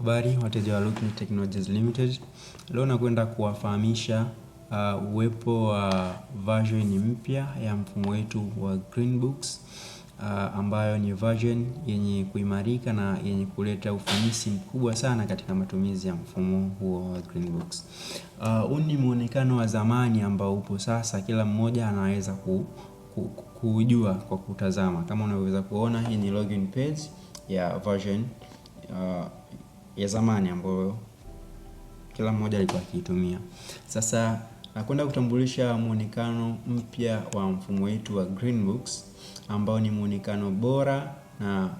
Habari, wateja wa Looknet Technologies Limited. Leo nakwenda kuwafahamisha uh, uwepo wa version mpya ya mfumo wetu wa Greenbooks uh, ambayo ni version yenye kuimarika na yenye kuleta ufanisi mkubwa sana katika matumizi ya mfumo huo wa Greenbooks. Uh, huu uh, ni muonekano wa zamani ambao upo sasa, kila mmoja anaweza ku kujua kwa kutazama. Kama unavyoweza kuona, hii ni login page ya version uh, ya zamani ambayo kila mmoja alikuwa akiitumia. Sasa nakwenda kutambulisha muonekano mpya wa mfumo wetu wa Greenbooks ambao ni muonekano bora na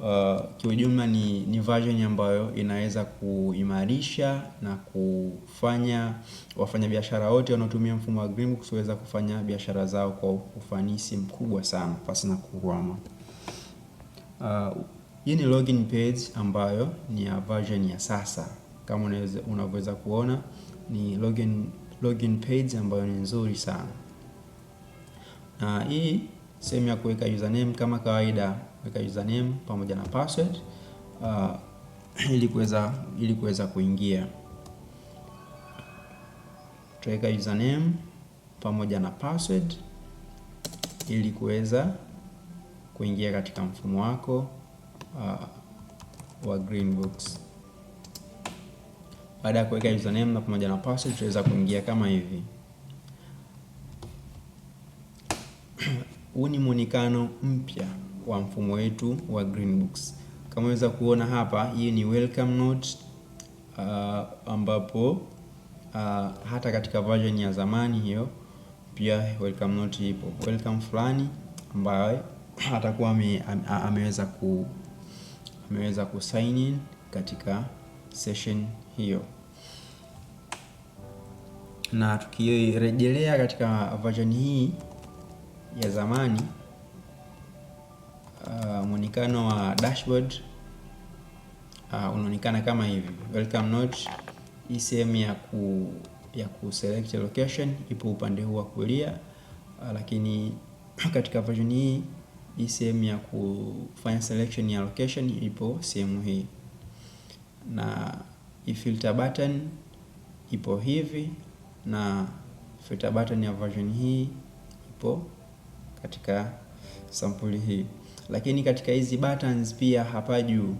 uh, kiujumla ni, ni version ambayo inaweza kuimarisha na kufanya wafanyabiashara wote wanaotumia mfumo wa Greenbooks waweza kufanya biashara zao kwa ufanisi mkubwa sana pasi na Uh, hii ni login page ambayo ni ya version ya sasa, kama unavyoweza kuona ni login, login page ambayo ni nzuri sana, na hii sehemu ya kuweka username kama kawaida, weka username pamoja na password uh, ili kuweza ili kuweza kuingia tutaweka username pamoja na password ili kuweza kuingia katika mfumo wako uh, wa books. Baada ya kuweka username na pamoja na password tutaweza kuingia kama hivi. Huu ni muonekano mpya wa mfumo wetu wa books. Kama unaweza kuona hapa, hii ni welcome note uh, ambapo uh, hata katika version ya zamani hiyo pia welcome note ipo welcome fulani ambayo atakuwa ame, ame, ameweza ku ameweza kusign in katika session hiyo, na tukirejelea katika version hii ya zamani uh, mwonekano wa dashboard uh, unaonekana kama hivi. Welcome note, hii sehemu ya ku ya ku select location ipo upande huu wa kulia uh, lakini katika version hii hii sehemu ya kufanya selection ya location ipo sehemu hii, na filter button ipo hivi, na filter button ya version hii ipo katika sampuli hii. Lakini katika hizi buttons pia hapa juu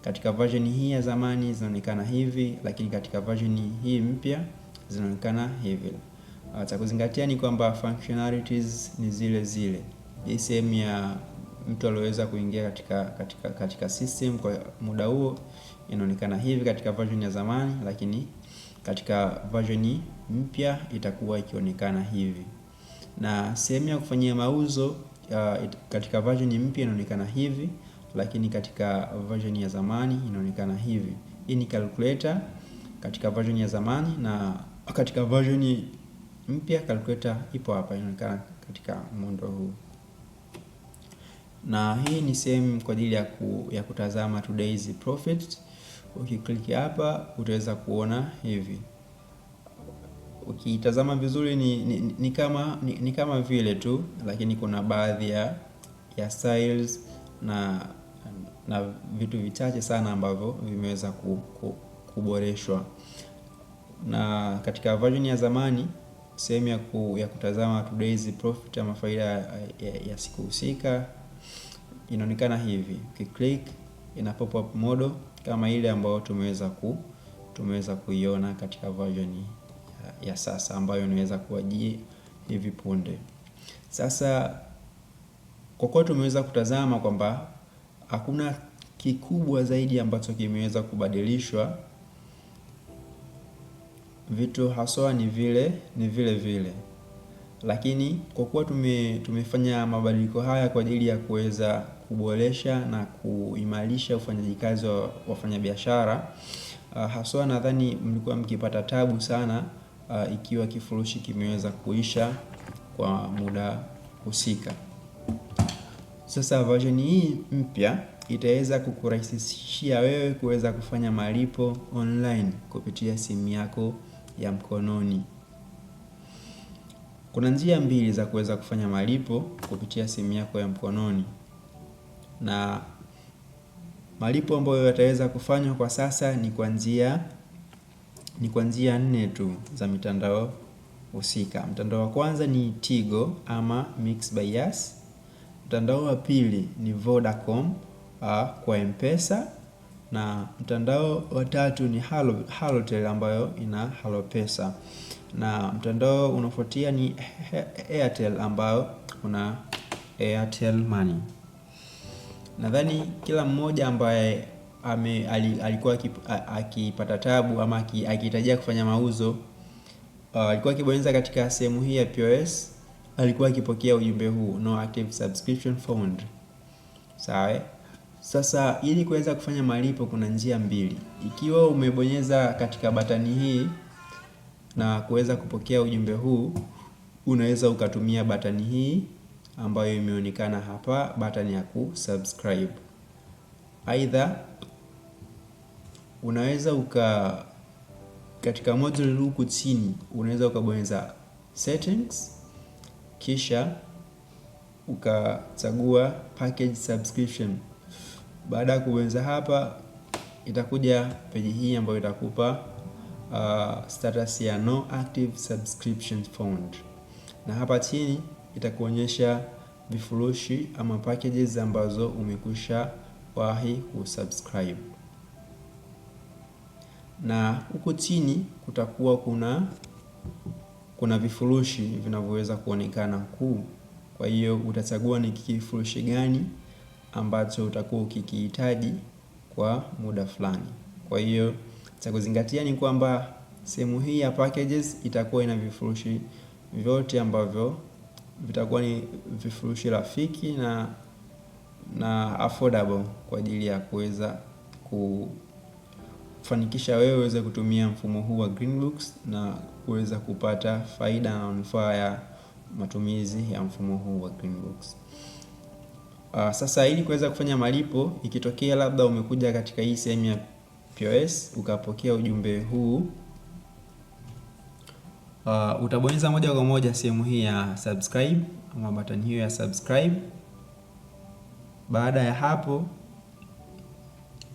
katika version hii ya zamani zinaonekana hivi, lakini katika version hii mpya zinaonekana hivi. Cha kuzingatia ni kwamba functionalities ni zile zile sehemu ya mtu alioweza kuingia katika, katika, katika system kwa muda huo inaonekana hivi katika version ya zamani, lakini katika version mpya itakuwa ikionekana hivi, na sehemu ya kufanyia mauzo uh, it, katika version mpya inaonekana hivi, lakini katika version ya zamani inaonekana hivi. Hii ni calculator katika version ya zamani, na katika version mpya calculator ipo hapa, inaonekana katika muundo huu na hii ni sehemu kwa ajili ya, ku, ya kutazama today's profit. Ukiklik hapa utaweza kuona hivi, ukitazama vizuri ni, ni, ni, kama, ni, ni kama vile tu, lakini kuna baadhi ya, ya styles na, na vitu vichache sana ambavyo vimeweza ku, ku, kuboreshwa na katika version ya zamani sehemu ya, ku, ya kutazama today's profit ama faida ya, ya, ya siku husika inaonekana hivi. Ukiclick ina pop up model kama ile ambayo tumeweza ku tumeweza kuiona katika version ya, ya sasa ambayo inaweza kuwajia hivi punde. Sasa kwa kuwa tumeweza kutazama kwamba hakuna kikubwa zaidi ambacho kimeweza kubadilishwa, vitu haswa ni vile ni vile vile, lakini kwa kuwa tume, tumefanya mabadiliko haya kwa ajili ya kuweza kuboresha na kuimarisha ufanyaji kazi wa wafanyabiashara. Ah, haswa nadhani mlikuwa mkipata tabu sana ah, ikiwa kifurushi kimeweza kuisha kwa muda husika. Sasa version hii mpya itaweza kukurahisishia wewe kuweza kufanya malipo online kupitia simu yako ya mkononi. Kuna njia mbili za kuweza kufanya malipo kupitia simu yako ya mkononi na malipo ambayo yataweza kufanywa kwa sasa ni kuanzia ni kuanzia nne tu za mitandao husika. Mtandao wa kwanza ni Tigo ama Mix by Yas. Mtandao wa pili ni Vodacom a, kwa Mpesa, na mtandao wa tatu ni Halo, Halotel ambayo ina Halopesa na mtandao unaofuatia ni Airtel ambayo una Airtel Money nadhani kila mmoja ambaye ame, alikuwa akipata tabu ama akihitajia kufanya mauzo uh, alikuwa akibonyeza katika sehemu hii ya POS, alikuwa akipokea ujumbe huu no active subscription found. Sawa. Sasa ili kuweza kufanya malipo kuna njia mbili. Ikiwa umebonyeza katika batani hii na kuweza kupokea ujumbe huu, unaweza ukatumia batani hii ambayo imeonekana hapa button ya kusubscribe. Aidha, unaweza uka katika module huku chini unaweza ukabonyeza settings, kisha ukachagua package subscription. Baada ya kubonyeza hapa, itakuja peji hii ambayo itakupa uh, status ya no active subscription found, na hapa chini itakuonyesha vifurushi ama packages ambazo umekusha wahi kusubscribe, na huko chini kutakuwa kuna kuna vifurushi vinavyoweza kuonekana kuu. Kwa hiyo utachagua ni kifurushi gani ambacho utakuwa ukikihitaji kwa muda fulani. Kwa hiyo cha kuzingatia ni kwamba sehemu hii ya packages itakuwa ina vifurushi vyote ambavyo vitakuwa ni vifurushi rafiki na na affordable kwa ajili ya kuweza kufanikisha wewe uweze kutumia mfumo huu wa Greenbooks na kuweza kupata faida na manufaa ya matumizi ya mfumo huu wa Greenbooks. Uh, sasa ili kuweza kufanya malipo ikitokea labda umekuja katika hii sehemu ya POS ukapokea ujumbe huu uh, utabonyeza moja kwa moja sehemu hii ya subscribe ama button hiyo ya subscribe. Baada ya hapo,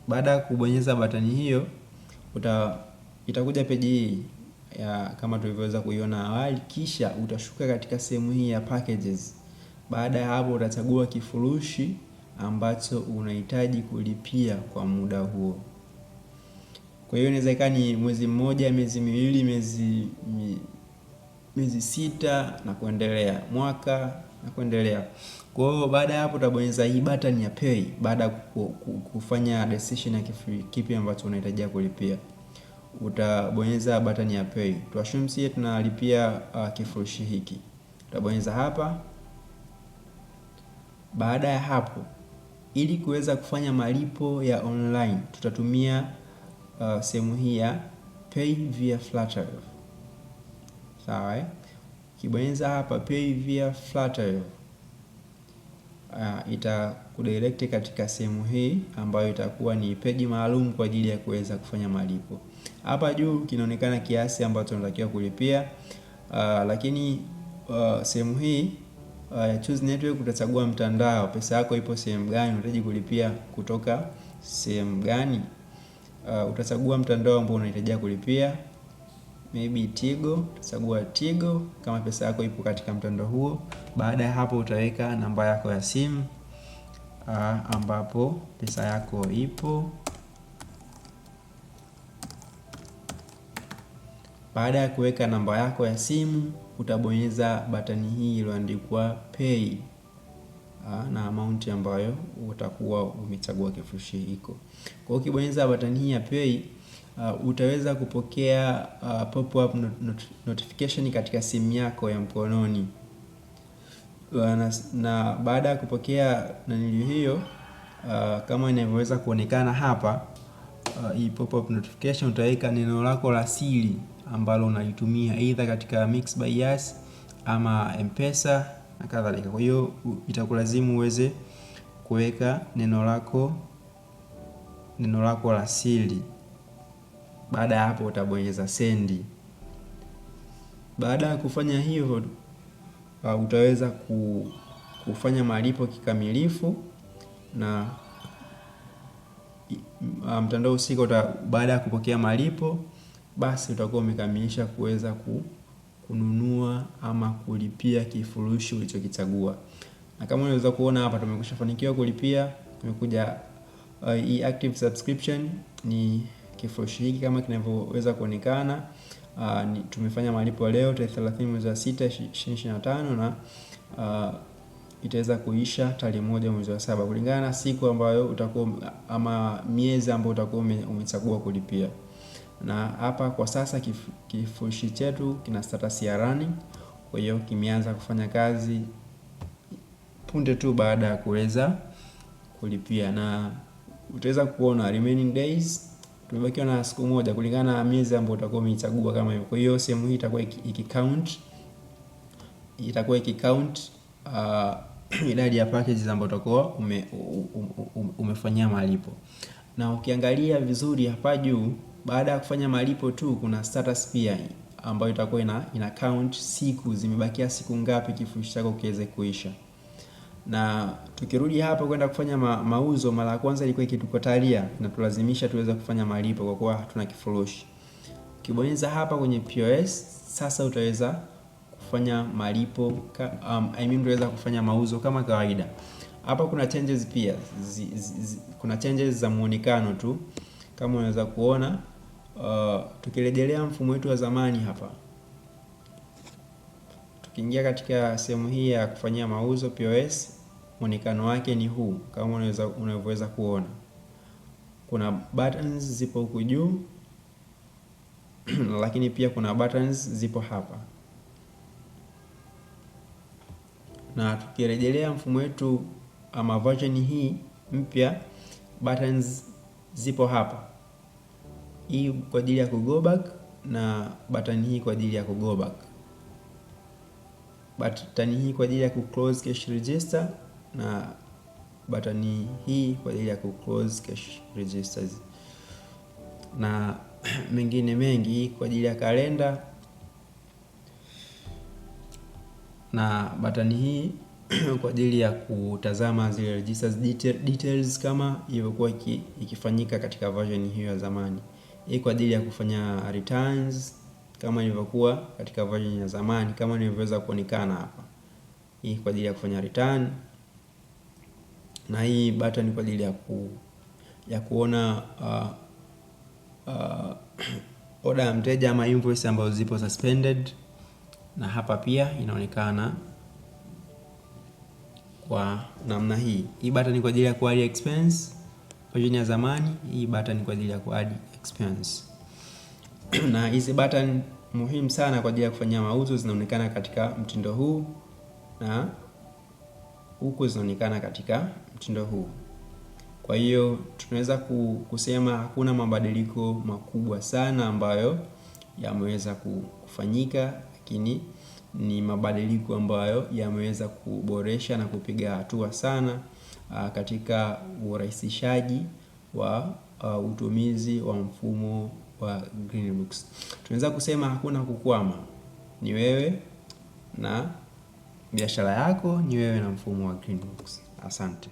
baada ya kubonyeza batani hiyo uta, itakuja peji hii ya kama tulivyoweza kuiona awali, kisha utashuka katika sehemu hii ya packages. Baada ya hapo, utachagua kifurushi ambacho unahitaji kulipia kwa muda huo. Kwa hiyo inaweza ikawa ni mwezi mmoja, miezi miwili, miezi mi miezi sita na kuendelea, mwaka na kuendelea. Kwa hiyo baada ya hapo utabonyeza hii button ya pay baada kufanya decision ya kipi ambacho unahitaji kulipia. Utabonyeza button ya pay. Tuassume sie tunalipia uh, kifurushi hiki. Utabonyeza hapa. Baada ya hapo ili kuweza kufanya malipo ya online tutatumia uh, sehemu hii ya pay via Flutter sawa. Ukibonyeza eh? hapa pay via Flutterwave uh, itakudirect katika sehemu hii ambayo itakuwa ni peji maalum kwa ajili ya kuweza kufanya malipo. Hapa juu kinaonekana kiasi ambacho tunatakiwa kulipia uh, lakini uh, sehemu hii uh, choose network, utachagua mtandao, pesa yako ipo sehemu gani, unahitaji kulipia kutoka sehemu gani. Uh, utachagua mtandao ambao unahitaji kulipia maybe Tigo, chagua Tigo kama pesa yako ipo katika mtandao huo. Baada ya hapo utaweka namba yako ya simu ambapo pesa yako ipo. Baada ya kuweka namba yako ya simu utabonyeza batani hii iliyoandikwa pay na amaunti ambayo utakuwa umechagua kifurushi hiko. Kwa hiyo ukibonyeza batani hii ya pay uh, utaweza kupokea uh, pop-up not not notification katika simu yako ya mkononi uh, na, na baada ya kupokea nanili hiyo uh, kama inavyoweza kuonekana hapa uh, hii pop-up notification utaweka neno lako la siri ambalo unalitumia either katika mix by yes, ama mpesa na kadhalika. Kwa hiyo itakulazimu uweze kuweka neno lako neno lako la siri. Baada ya hapo utabonyeza sendi. Baada ya kufanya hivyo, uh, utaweza kufanya malipo kikamilifu na uh, mtandao husika baada ya kupokea malipo, basi utakuwa umekamilisha kuweza ku, kununua ama kulipia kifurushi ulichokichagua. Na kama unaweza kuona hapa, tumekushafanikiwa kulipia. Tumekuja uh, e-active subscription ni kifurushi hiki kama kinavyoweza kuonekana. Uh, tumefanya malipo leo tarehe 30 mwezi wa 6 2025 na uh, itaweza kuisha tarehe moja mwezi wa saba kulingana na siku ambayo utakuwa ama miezi ambayo utakuwa umechagua kulipia. Na hapa kwa sasa kifurushi chetu kina status ya running, kwa hiyo kimeanza kufanya kazi punde tu baada ya kuweza kulipia, na utaweza kuona remaining days tumebakiwa na siku moja kulingana na miezi ambayo utakuwa umeichagua kama hivyo. Kwa hiyo sehemu hii itakuwa ikicount itakuwa ikicount uh, idadi ya packages ambazo utakuwa ume, um, um, umefanyia malipo. Na ukiangalia vizuri hapa juu, baada ya kufanya malipo tu kuna status pia ambayo itakuwa ina, ina count siku zimebakia siku ngapi kifurushi chako kiweze kuisha na tukirudi hapa kwenda kufanya ma mauzo, mara ya kwanza ilikuwa ikitukotalia na tulazimisha tuweze kufanya malipo kwa kuwa hatuna kifurushi. Ukibonyeza hapa kwenye POS sasa utaweza kufanya malipo um, I mean utaweza kufanya mauzo kama kawaida. Hapa kuna changes pia zi, zi, zi, kuna changes za muonekano tu kama unaweza kuona. Uh, tukirejelea mfumo wetu wa zamani hapa tukiingia katika sehemu hii ya kufanyia mauzo POS Muonekano wake ni huu kama unavyoweza kuona. Kuna buttons zipo huku juu lakini pia kuna buttons zipo hapa. Na tukirejelea mfumo wetu ama version hii mpya, buttons zipo hapa. Hii kwa ajili ya kugo back na button hii kwa ajili ya kugo back. Button hii kwa ajili ya ku close cache register na batani hii kwa ajili ya close cash registers na mengine mengi kwa ajili ya kalenda na batani hii kwa ajili ya kutazama zile registers details kama ilivyokuwa ikifanyika katika version hiyo ya zamani. Hii kwa ajili ya kufanya returns kama ilivyokuwa katika version ya zamani kama nilivyoweza kuonekana hapa. Hii kwa ajili ya kufanya return na hii bata ni kwa ajili ya, ku, ya kuona uh, uh, oda ya mteja ama invoice ambazo zipo suspended, na hapa pia inaonekana kwa namna hii. Hii bata ni kwa ajili ya add expense version ya zamani, hii bata ni kwa ajili ya add expense na hizi button muhimu sana kwa ajili ya kufanyia mauzo zinaonekana katika mtindo huu na huku zinaonekana katika mtindo huu. Kwa hiyo tunaweza kusema hakuna mabadiliko makubwa sana ambayo yameweza kufanyika, lakini ni mabadiliko ambayo yameweza kuboresha na kupiga hatua sana ah, katika urahisishaji wa ah, utumizi wa mfumo wa Greenbooks. Tunaweza kusema hakuna kukwama, ni wewe na biashara yako ni wewe na mfumo wa greenbox Asante.